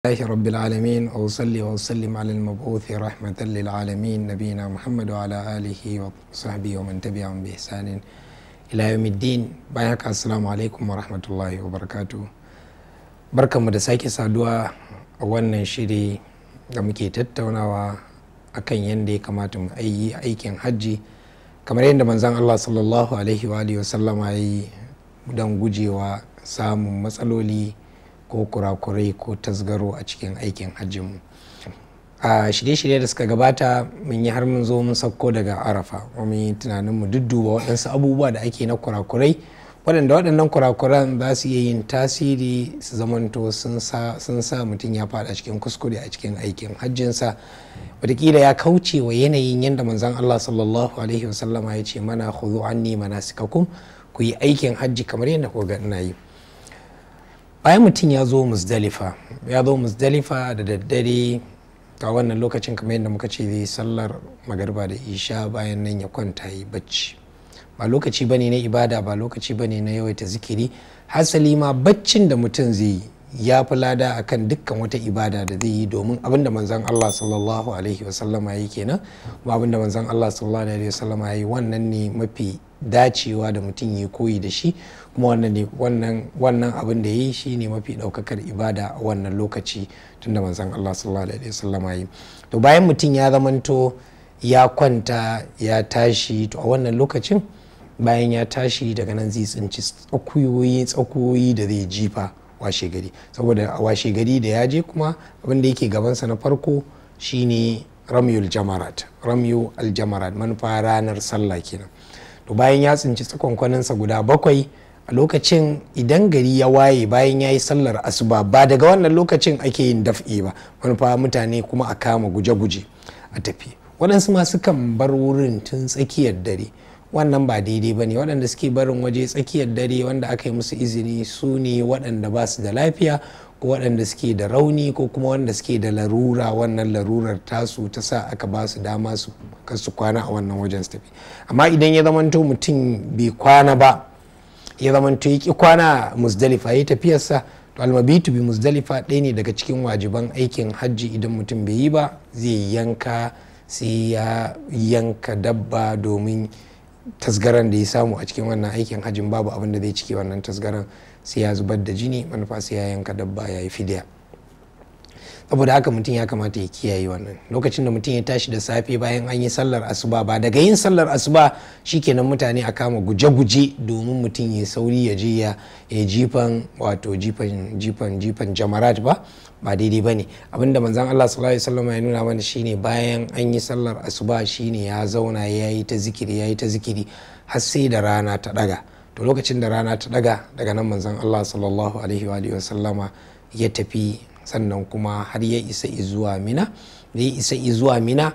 Allahi rabbil alamin a wasalli wa wasalli ma'alin mabuthi rahmatan lil alamin na biyu muhammadu ala alihi wa sahabi wa mantabi a mabi sanin ilayomiddin bayan ka asalamu alaikum wa rahmatullahi wa da sake saduwa a wannan shiri da muke tattaunawa akan yadda ya kamata mu ayi aikin hajji kamar yadda manzan Allah sallallahu alaihi wa samun matsaloli ko kurakurai ko tasgaro a cikin aikin hajjinmu a shirye-shirye da suka gabata mun yi har mun zo mun sauko daga arafa mun yi tunanin mu dudduba waɗansu abubuwa da ake na kurakurai waɗanda waɗannan kurakuran za su iya yin tasiri su zamanto sun sa mutum ya faɗa cikin kuskure a cikin aikin hajjinsa wataƙila ya kauce wa yanayin yadda manzan allah sallallahu alaihi wasallama ya ce mana khudhu anni manasikakum ku yi aikin hajji kamar yadda ku ga ina yi bayan mutum ya zo musdalifa ya zo musdalifa da daddare a wannan lokacin kamar yadda muka ce zai sallar magarba da isha bayan nan ya kwanta yi bacci ba lokaci bane na ibada ba lokaci bane na yawaita zikiri hasali ma baccin da mutum zai yi ya fi lada akan dukkan wata ibada da zai yi domin abinda manzan Allah sallallahu alaihi wasallama yi kenan kuma abinda manzan Allah sallallahu alaihi wasallama yi wannan ne mafi dacewa da mutum ya koyi da shi kuma wannan abin da ya yi shi ne mafi ɗaukakar ibada a wannan lokaci tun da manzan Allah sallallahu alaihi wasallam yi to bayan mutum ya zamanto ya kwanta ya tashi to a wannan lokacin bayan ya tashi daga nan zai tsinci tsakuyoyi da zai jifa washe gari saboda a washe gari da ya je kuma abin da yake gabansa na farko shine ramyul jamarat ramyu aljamarat manufa ranar sallah kenan to bayan ya tsinci tsakonkwaninsa guda bakwai a lokacin idan gari ya waye bayan ya yi sallar asuba ba daga wannan lokacin ake yin daf'i ba manufa mutane kuma a kama guje-guje a tafi waɗansu masu kan bar wurin tun tsakiyar dare wannan ba daidai ba ne waɗanda suke barin waje tsakiyar dare wanda aka yi musu izini su ne waɗanda ba su da lafiya ko waɗanda suke da rauni ko kuma wanda suke da larura wannan larurar tasu ta sa aka ba su dama su kasu kwana a wannan wajen su tafi amma idan ya zamanto mutum bai kwana ba ya zamanto ya ki kwana musdalifa ya tafiyarsa to almabitu bi musdalifa ɗaya ne daga cikin wajiban aikin hajji idan mutum bai yi ba zai yanka sai ya yanka dabba domin tasgaran da ya samu a cikin wannan aikin hajjin babu abin da zai ciki wannan tasgaran sai ya zubar da jini manufa sai ya yanka dabba ya yi fidiya saboda haka mutum ya kamata ya kiyaye wannan lokacin da mutum ya tashi da safe bayan an yi sallar asuba ba daga yin sallar asuba shi shikenan mutane a kama guje-guje domin mutum ya sauri ya je ya jifan wato jifan jifan jifan jamarat ba ba daidai ba ne abinda manzan Allah sallallahu alaihi wasallam ya nuna mana shine bayan an yi sallar asuba shine ya zauna ya yi ta zikiri ya yi ta zikiri har sai da rana ta daga to lokacin da rana ta daga daga nan manzan Allah sallallahu alaihi wa sallama ya tafi sannan kuma har ya isa zuwa mina ya isa zuwa mina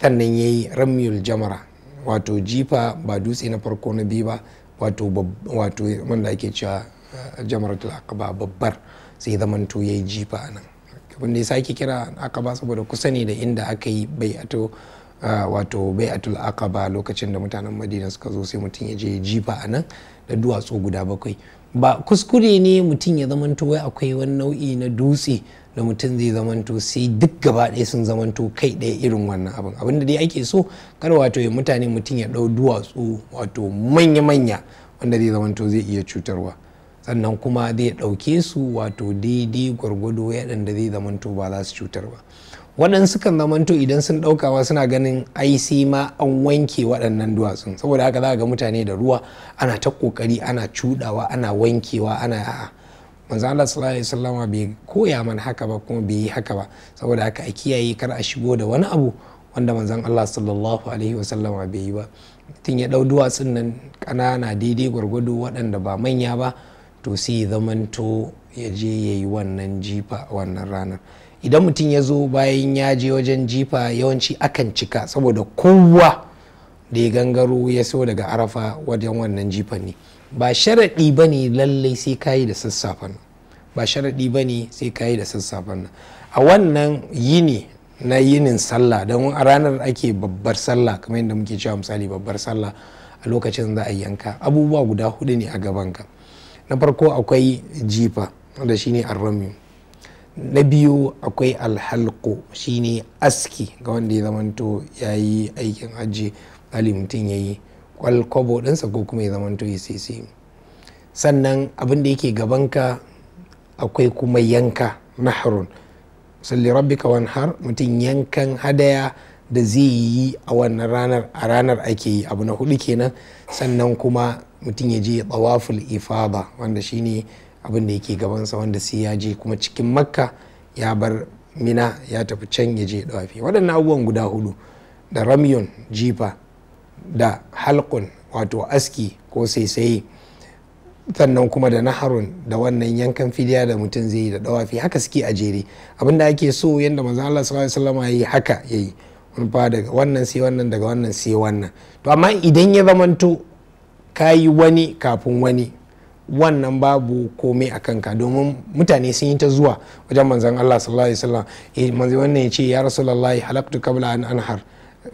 sannan ya yi ramiyul jamara wato jifa ba dutse na farko na biyu ba wato wato wanda ake cewa eh, jamaratul ba babbar sai to ya yi jifa a nan wanda ya sake kira ba saboda kusa ne da inda aka yi bai a to wato bai a bai'atul akaba lokacin da mutanen madina suka zo sai mutum ya je jifa a nan da duwatsu guda bakwai ba kuskure ne mutum ya zamanto wai akwai wani nau'i na dutse da mutum zai zamanto sai duk gaba ɗaya sun zamanto kai ɗaya irin wannan abin abin da dai ake so kar wato ya mutane mutum ya ɗau duwatsu wato manya-manya wanda zai zamanto zai iya cutarwa sannan kuma zai ɗauke su wato daidai gwargwado yaɗanda zai zamanto ba za su cutar ba waɗansu kan zamanto idan sun ɗaukawa suna ganin ai ma an wanke waɗannan duwatsun saboda haka za ga mutane da ruwa ana ta ƙoƙari ana cuɗawa ana wankewa ana manzo Allah sallallahu alaihi wasallam bai koya man haka ba kuma bai yi haka ba saboda haka a kiyaye kar a shigo da wani abu wanda manzo Allah sallallahu alaihi wasallam bai yi ba tun ya ɗau duwatsun nan ƙanana daidai gwargwado waɗanda ba manya ba to sai zamanto ya je ya yi wannan jifa wannan ranar idan mutum ya zo bayan ya je wajen jifa yawanci akan cika saboda kowa da ya gangaro ya so daga arafa wajen wannan jifan ne ba sharaɗi ba ne lallai sai kayi da sassafen ba sharaɗi ba ne sai kayi da sassafen a wannan yini na yinin sallah don a ranar ake babbar sallah kamar yadda muke cewa misali babbar sallah a lokacin za a yanka abubuwa guda hudu ne a gabanka na farko akwai jifa wanda shine arramiyu na biyu akwai alhalko shine aski ga wanda ya zamanto ya yi aikin aji ali mutum ya yi kwalkwabo ɗinsa ko kuma ya zamanto ya sisi sannan abin da yake gabanka akwai kuma yanka nahrun salli rabbika wanhar mutum yankan hadaya da zai yi a wannan ranar a ranar ake yi abu na hudu kenan sannan kuma mutum ya je tsawaful ifada wanda shine abin da yake gabansa wanda sai ya je kuma cikin makka ya bar mina ya tafi can ya je dawafi waɗannan abubuwan guda hudu da ramyon jifa da halkun wato aski ko saisaye sannan kuma da naharun da wannan yankan fidiya da mutum zai yi da dawafi haka suke a jere abin da ake so yadda manzo Allah ya yi haka yayi wani fa daga wannan sai wannan daga wannan sai wannan to amma idan ya zamanto kayi wani kafin wani wannan babu komai a kanka domin mutane sun yi ta zuwa wajen manzan Allah sallallahu alaihi wasallam eh, manzan wannan ya ce ya rasulullahi halaktu qabla an anhar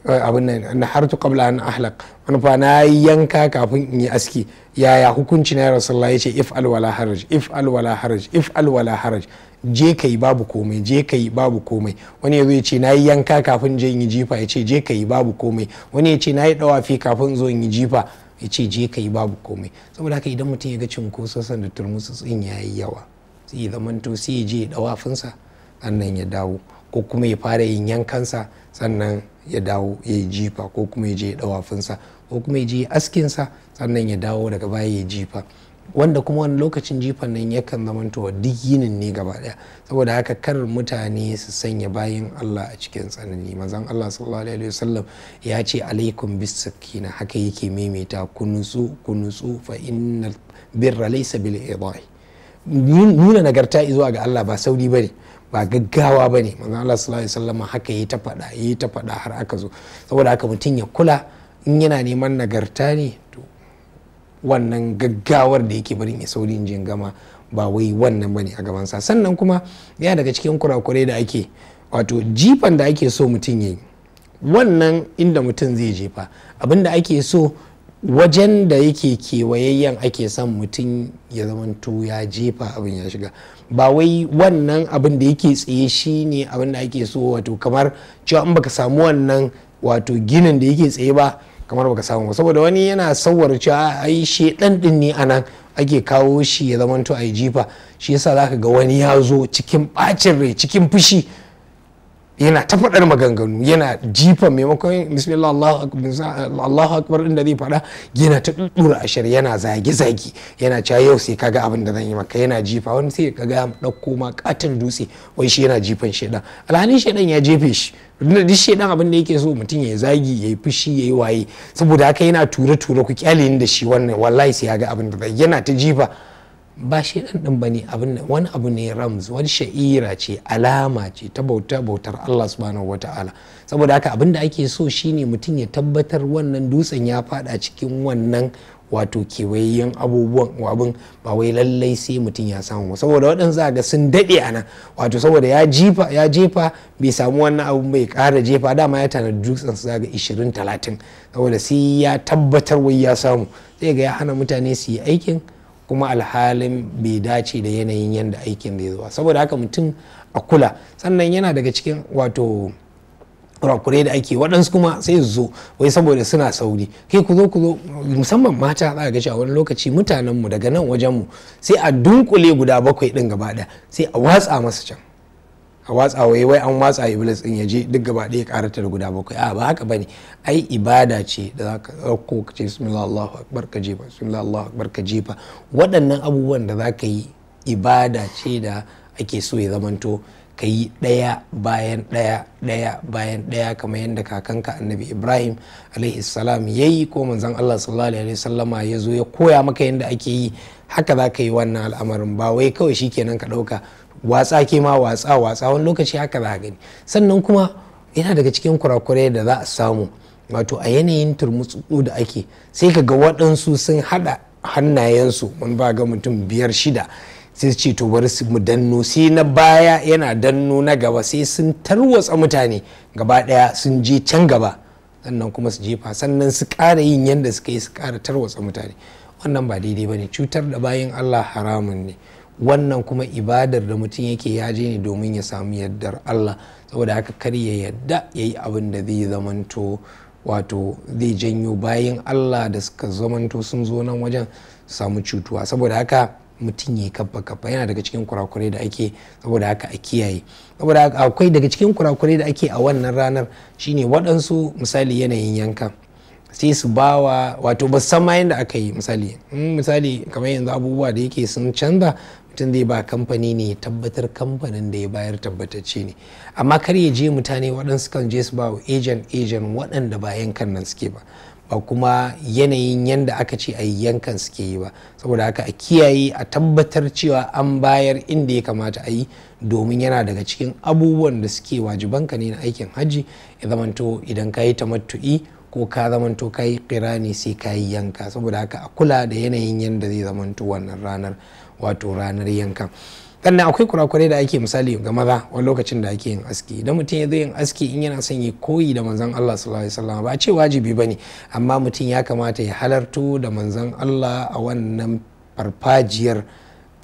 eh, abin nan hartu qabla an ahlak wani fa na yanka kafin in yi aski yaya hukunci na rasulullahi ya ce if al wala haraj if al wala haraj if al wala haraj je kai babu komai je kai babu komai wani yazo ya ce na yanka kafin je in yi jifa ya ce je kai babu komai wani ya ce na yi dawafi kafin zo in yi jifa ya ce je ka yi babu komai saboda haka idan mutum ya ga cinkoso sanda da turmusu tsin ya yi yawa sai ya zamanto sai ya je ya dawafinsa sannan ya dawo ko kuma ya fara yin yankansa sannan ya dawo ya jifa ko kuma ya je ya dawafinsa ko kuma ya je askinsa sannan ya dawo daga baya ya jifa wanda kuma wani lokacin jifan nan yakan zamantawa duk yinin ne gaba daya saboda haka kar mutane su sanya bayan Allah a cikin tsanani mazan Allah sallallahu alaihi wasallam ya ce alaikum bisakina haka yake maimaita kunusu kunusu fa innal birra laysa bil idai nuna nagarta zuwa ga Allah ba sauri bane ba gaggawa bane manzon Allah sallallahu alaihi wasallam haka yi ta fada yi ta fada har aka zo saboda haka mutum ya kula in yana neman nagarta ne wannan gaggawar da yake bari mai saurin jin gama ba wai wannan bane a gabansa sannan kuma yana daga cikin kurakurai da ake wato jifan da ake so mutum ya yi wannan inda mutum zai jefa abinda ake so wajen da yake kewayayyen ake son mutum ya zamanto ya jefa abin ya shiga ba wai wannan abin da yake tsaye shi ne abin da ake so wato kamar cewa in baka samu wannan wato ginin da yake tsaye ba kamar baka samu saboda wani yana sauwar cewa ai dan din ne anan ake kawo shi ya zamanto a jifa shi yasa zaka ga wani ya zo cikin bacin rai cikin fushi yana ta faɗar maganganu yana jifan maimakon bismillah Allahu akbar inda zai faɗa yana ta a ashir yana zage zage yana cewa yau sai kaga abin da zan yi maka yana jifa wani sai kaga ya ɗauko ma katin dutse wai shi yana jifan shedan alhalin shedan ya jefe shi duk shedan abin da yake so mutum ya zagi ya yi fushi ya yi waye saboda haka yana ture ture ku kyale da shi wannan wallahi sai ya ga abin da yana ta jifa ba shi dan din bane abin nan wani abu ne Ramz, wani sha'ira ce alama ce ta bauta bautar Allah subhanahu wataala saboda haka abin da ake so shine mutum ya tabbatar wannan dutsen ya fada cikin wannan wato kewayen abubuwan wabin ba wai lallai sai mutum ya samu saboda waɗansu ga sun daɗe a nan wato saboda ya jefa ya jefa bai samu wannan abu bai kara jefa dama ya tanadi dutsen su zaga 20 30 saboda sai ya tabbatar wai ya samu sai ga ya hana mutane su yi aikin kuma alhalin bai dace da yanayin yadda aikin zai zuwa saboda haka mutum a kula sannan yana daga cikin wato kurakurai da ake waɗansu kuma sai su zo wai saboda suna sauri kai ku zo ku zo musamman mata za ga cewa wani lokaci mutanenmu daga nan wajenmu sai a dunkule guda bakwai ɗin gaba ɗaya sai a watsa masa can a watsa wai wai an watsa iblis din ya je duk gaba ɗaya ƙara ta da guda bakwai a ba haka bane ai ibada ce da za ka ɗauko ka ce bismillah allahu akbar ka jefa bismillah allahu akbar ka jefa waɗannan abubuwan da za ka yi ibada ce da ake so ya zamanto ka yi ɗaya bayan ɗaya ɗaya bayan ɗaya kamar yadda kakanka annabi ibrahim alaihi salam ya yi ko manzon allah sallallahu alaihi wasallama ya zo ya koya maka yadda ake yi haka za ka yi wannan al'amarin ba wai kawai shi shikenan ka ɗauka watsa ke ma watsa watsa wani lokaci haka za a gani sannan kuma yana daga cikin kurakurai da za a samu wato a yanayin turmutsu da ake sai ka ga waɗansu sun haɗa hannayensu mun ba ga mutum biyar shida sai ce to bari su mu danno sai na baya yana danno na gaba sai sun tarwatsa mutane gaba ɗaya sun je can gaba sannan kuma su jefa sannan su ƙara yin yadda suka yi su ƙara tarwatsa mutane wannan ba daidai ba ne cutar da bayan allah haramun ne wannan kuma ibadar da mutum yake ya je ne domin ya samu yardar Allah saboda haka kar ya yadda ya yi abin da zai zamanto wato zai janyo bayan Allah da suka zamanto sun zo nan wajen samu cutuwa saboda haka mutum ya kafa kafa yana daga cikin kurakurai da ake saboda haka a kiyaye saboda haka akwai daga cikin kurakurai da ake a wannan ranar shine waɗansu misali yanayin yanka. sai su bawa wato ba san yadda aka yi misali misali kamar yanzu abubuwa da yake sun canza mutum zai ba kamfani ne tabbatar kamfanin da ya bayar tabbatacce ne amma kar ya je mutane waɗansu kan je su ba wa agent agent waɗanda ba yankan nan suke ba ba kuma yanayin yadda aka ce a yankan suke yi ba saboda haka a kiyaye a tabbatar cewa an bayar inda ya kamata a yi domin yana daga cikin abubuwan da suke wajibanka ne na aikin hajji ya zamanto idan ka yi tamattu'i ko ka zamanto ka yi kirani sai ka yanka saboda haka a kula da yanayin yadda zai zamanto wannan ranar wato ranar yanka. sannan akwai kurakurai da ake misali ga maza wani lokacin da ake yin aski idan mutum ya zo yin aski in yana son ya koyi da manzon Allah sallallahu alaihi wasallam ba a ce wajibi bane amma mutum ya kamata ya halarto da manzon Allah a wannan farfajiyar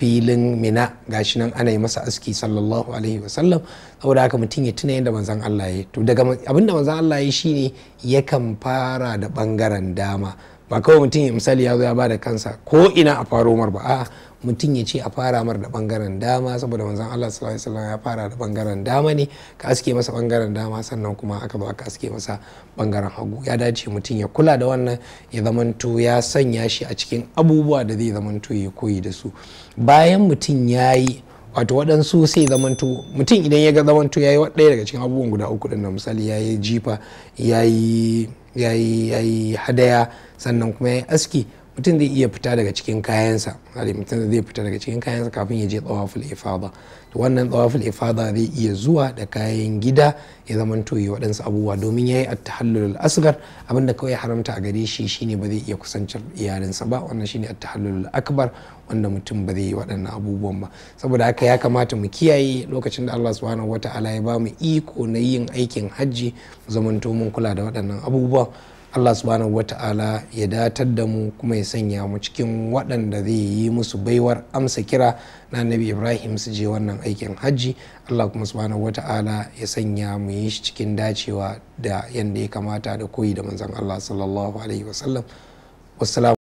filin mina gashi nan ana yi masa aski sallallahu alaihi wasallam saboda haka mutum ya tuna yadda manzan Allah ya to daga abinda manzan Allah ya shine yakan fara da bangaren dama ba kawai mutum ya misali ya zo ya bada kansa ko ina a faro mar ba a mutum ya ce a fara mar da bangaren dama saboda manzon Allah sallallahu alaihi wasallam ya fara da bangaren dama ne ka aske masa bangaren dama sannan kuma aka zo aka aske masa bangaren hagu ya dace mutum ya kula da wannan ya zamanto ya sanya shi a cikin abubuwa da zai zamanto ya koyi da su bayan mutum ya yi wato waɗansu sai zamanto mutum idan ya ga zamanto ya yi ɗaya daga cikin abubuwan guda uku ɗin misali ya yi jifa ya yi ya yi hadaya sannan kuma ya yi aski mutum zai iya fita daga cikin kayansa hari mutum zai fita daga cikin kayansa kafin ya je tsawaful ifada to wannan tsawaful ifada zai iya zuwa da kayan gida ya zama to yi waɗansu abubuwa domin ya yi attahallul asgar abinda kawai haramta a gare shi shine ba zai iya kusancin iyalinsa ba wannan shine attahallul akbar wanda mutum ba zai yi waɗannan abubuwan ba saboda haka ya kamata mu kiyaye lokacin da Allah subhanahu wataala ya ba mu iko na yin aikin hajji mu zamanto mun kula da waɗannan abubuwa allah subhanahu wata'ala ya datar da mu kuma ya sanya mu cikin waɗanda zai yi musu baiwar amsa kira na annabi ibrahim su je wannan aikin hajji allah kuma subhanahu wata'ala ya sanya mu yi shi cikin dacewa da yadda ya kamata da koyi da manzon allah sallallahu alaihi wasallam